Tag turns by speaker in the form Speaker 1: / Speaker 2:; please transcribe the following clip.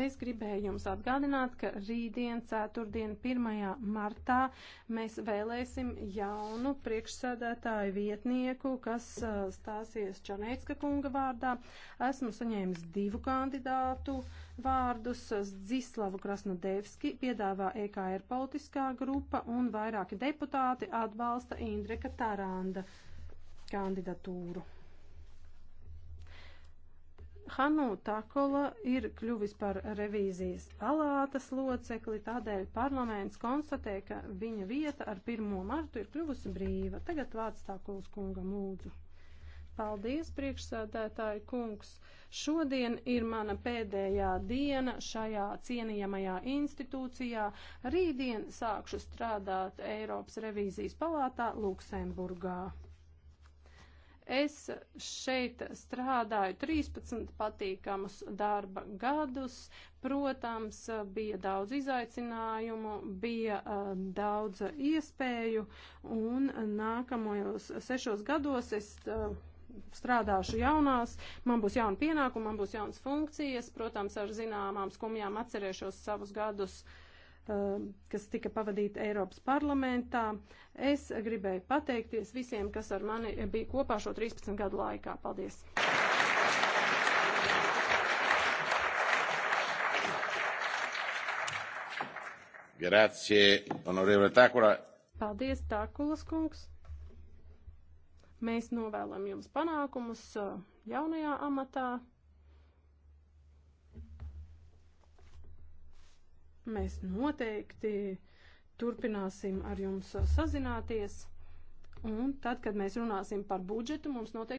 Speaker 1: Es gribēju jums atgādināt, ka rītdien, ceturtdien, 1. martā mēs vēlēsim jaunu priekšsēdētāju vietnieku, kas stāsies Čanēcka kunga vārdā. Esmu saņēmis divu kandidātu vārdus. Dzislavu Krasnodevski piedāvā EKR politiskā grupa un vairāki deputāti atbalsta Indreka Taranda kandidatūru. Hanu Takola ir kļuvis par revīzijas palātas locekli, tādēļ parlaments konstatē, ka viņa vieta ar 1. martu ir kļuvusi brīva. Tagad vārds Takols kungam lūdzu. Paldies, priekšsēdētāji kungs. Šodien ir mana pēdējā diena šajā cienījamajā institūcijā. Rītdien sākšu strādāt Eiropas revīzijas palātā Luksemburgā. Es šeit strādāju 13 patīkamus darba gadus. Protams, bija daudz izaicinājumu, bija uh, daudz iespēju, un nākamajos sešos gados es. Uh, strādāšu jaunās, man būs jauna pienākuma, man būs jaunas funkcijas, protams, ar zināmām skumjām atcerēšos savus gadus uh, Um, kas tika pavadīta Eiropas parlamentā. Es gribēju pateikties visiem, kas ar mani bija kopā šo 13 gadu laikā. Paldies!
Speaker 2: Grazie, onorevole Takula.
Speaker 1: Paldies, Takulas kungs. Mēs novēlam jums panākumus uh, jaunajā amatā. Mēs noteikti turpināsim ar jums sazināties. Un tad, kad mēs runāsim par budžetu, mums noteikti.